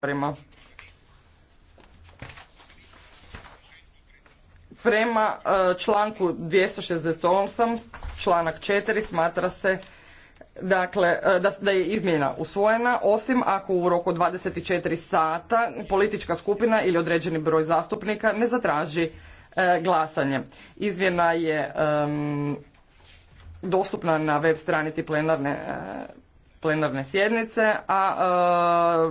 Prema, prema e, članku 268 članak 4 smatra se dakle e, da, da je izmjena usvojena osim ako u roku 24 sata politička skupina ili određeni broj zastupnika ne zatraži e, glasanje. Izmjena je dostupna na web stranici plenarne, plenarne sjednice, a